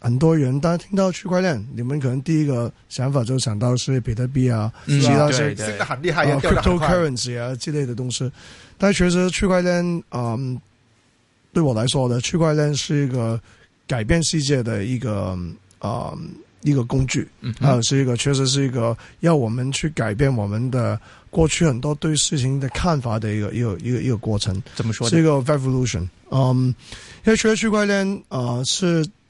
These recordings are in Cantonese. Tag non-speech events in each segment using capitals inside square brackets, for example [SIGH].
很多人，大家聽到區塊鏈，你們可能第一個想法就想到是比特幣啊，是其他一些、啊、很厲害也很啊，crypto currency 啊之類的東西。但係其實區塊鏈，嗯，對我來說呢，區塊鏈是一個改變世界的一個，啊、嗯、一個工具，嗯、還有是一個，確實是一個要我們去改變我們的過去很多對事情的看法的一個一個一個一個，一個過程。怎麼說？是一個 revolution。嗯，因為其實區塊鏈，啊、呃、是。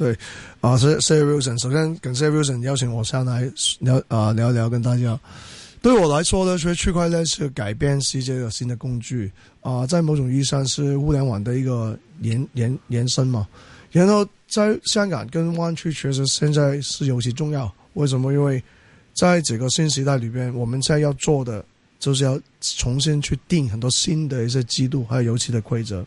對，啊，Sir Sir Wilson，首先感謝 Sir Wilson 邀請我上來聊，啊，聊一聊跟大家。對我來說呢，其實區塊鏈是改變世界的新的工具，啊，在某種意義上是物聯網的一個延延延伸嘛。然後在香港跟灣區，確實現在是尤其重要。為什麼？因為在這個新時代裏邊，我們現在要做的，就是要重新去定很多新的一些制度，還有尤其的規則。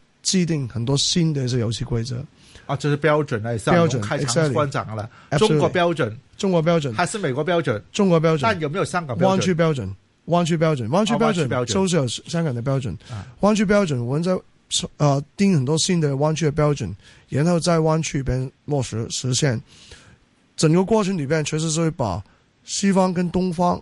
制定很多新的遊戲規則，啊，就是標準嚟上開場觀展噶、exactly. 中國標準，中國標準，還是美國標準，中國標準，但係有冇有香港灣區標準？灣區標準，灣區標準，首先有香港的標準，灣區標,標,標,標,標,標,標,、呃、標準，我們在呃定很多新的灣區標準，然後在灣區邊落實實現。整個過程裏邊，確實是會把西方跟東方。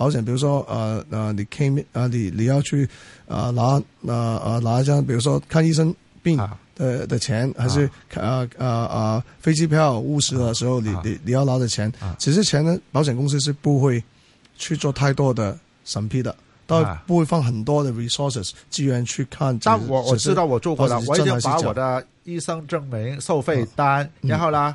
保險，比如說，呃呃你 came，啊、呃，你你要去，啊、呃，拿、呃，啊，啊，拿一張，比如說，看醫生病的、啊、的錢，還是，啊，啊，啊，飛機票、務實的時候，你你、啊、你要拿的錢，啊、其實錢呢，保險公司是不會去做太多的審批的，都不會放很多的 resources 資源去看。但我我知道我做過了，我已經把我的醫生證明、收費單，嗯、然後呢。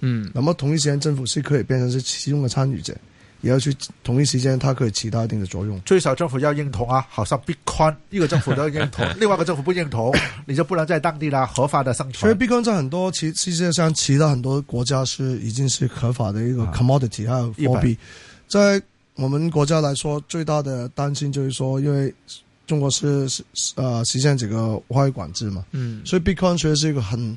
嗯，那麼同一時間政府是可以變成是其中的參與者，也要去同一時間，它可以起到一定的作用。最少政府要認同啊，好像 Bitcoin 一個政府都要認同， [LAUGHS] 另外一個政府不認同，你就不能在當地啦合法的生存。所以 Bitcoin 在很多其實世界上其他很多國家是已經是合法的一個 commodity 啊貨幣。在我們國家來說，最大的擔心就是說，因為中國是啊、呃、實現這個外匯管制嘛，嗯，所以 Bitcoin 其實是一個很。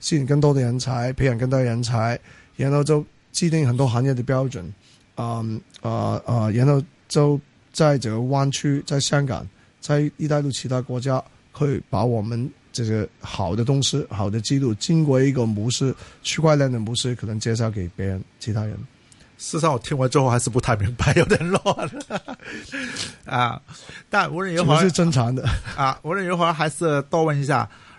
吸引更多的人才，培養更多的人才，然後就制定很多行業的標準，啊啊啊，然後就在這個灣區、在香港、在一帶一路其他國家，可以把我們這個好的東西、好的記錄，經過一個模式，區塊鏈的模式，可能介紹給別人、其他人。事實上，我聽完之後還是不太明白，有點亂 [LAUGHS] 啊。但無論如何，是正常的啊。無論如何，還是多問一下。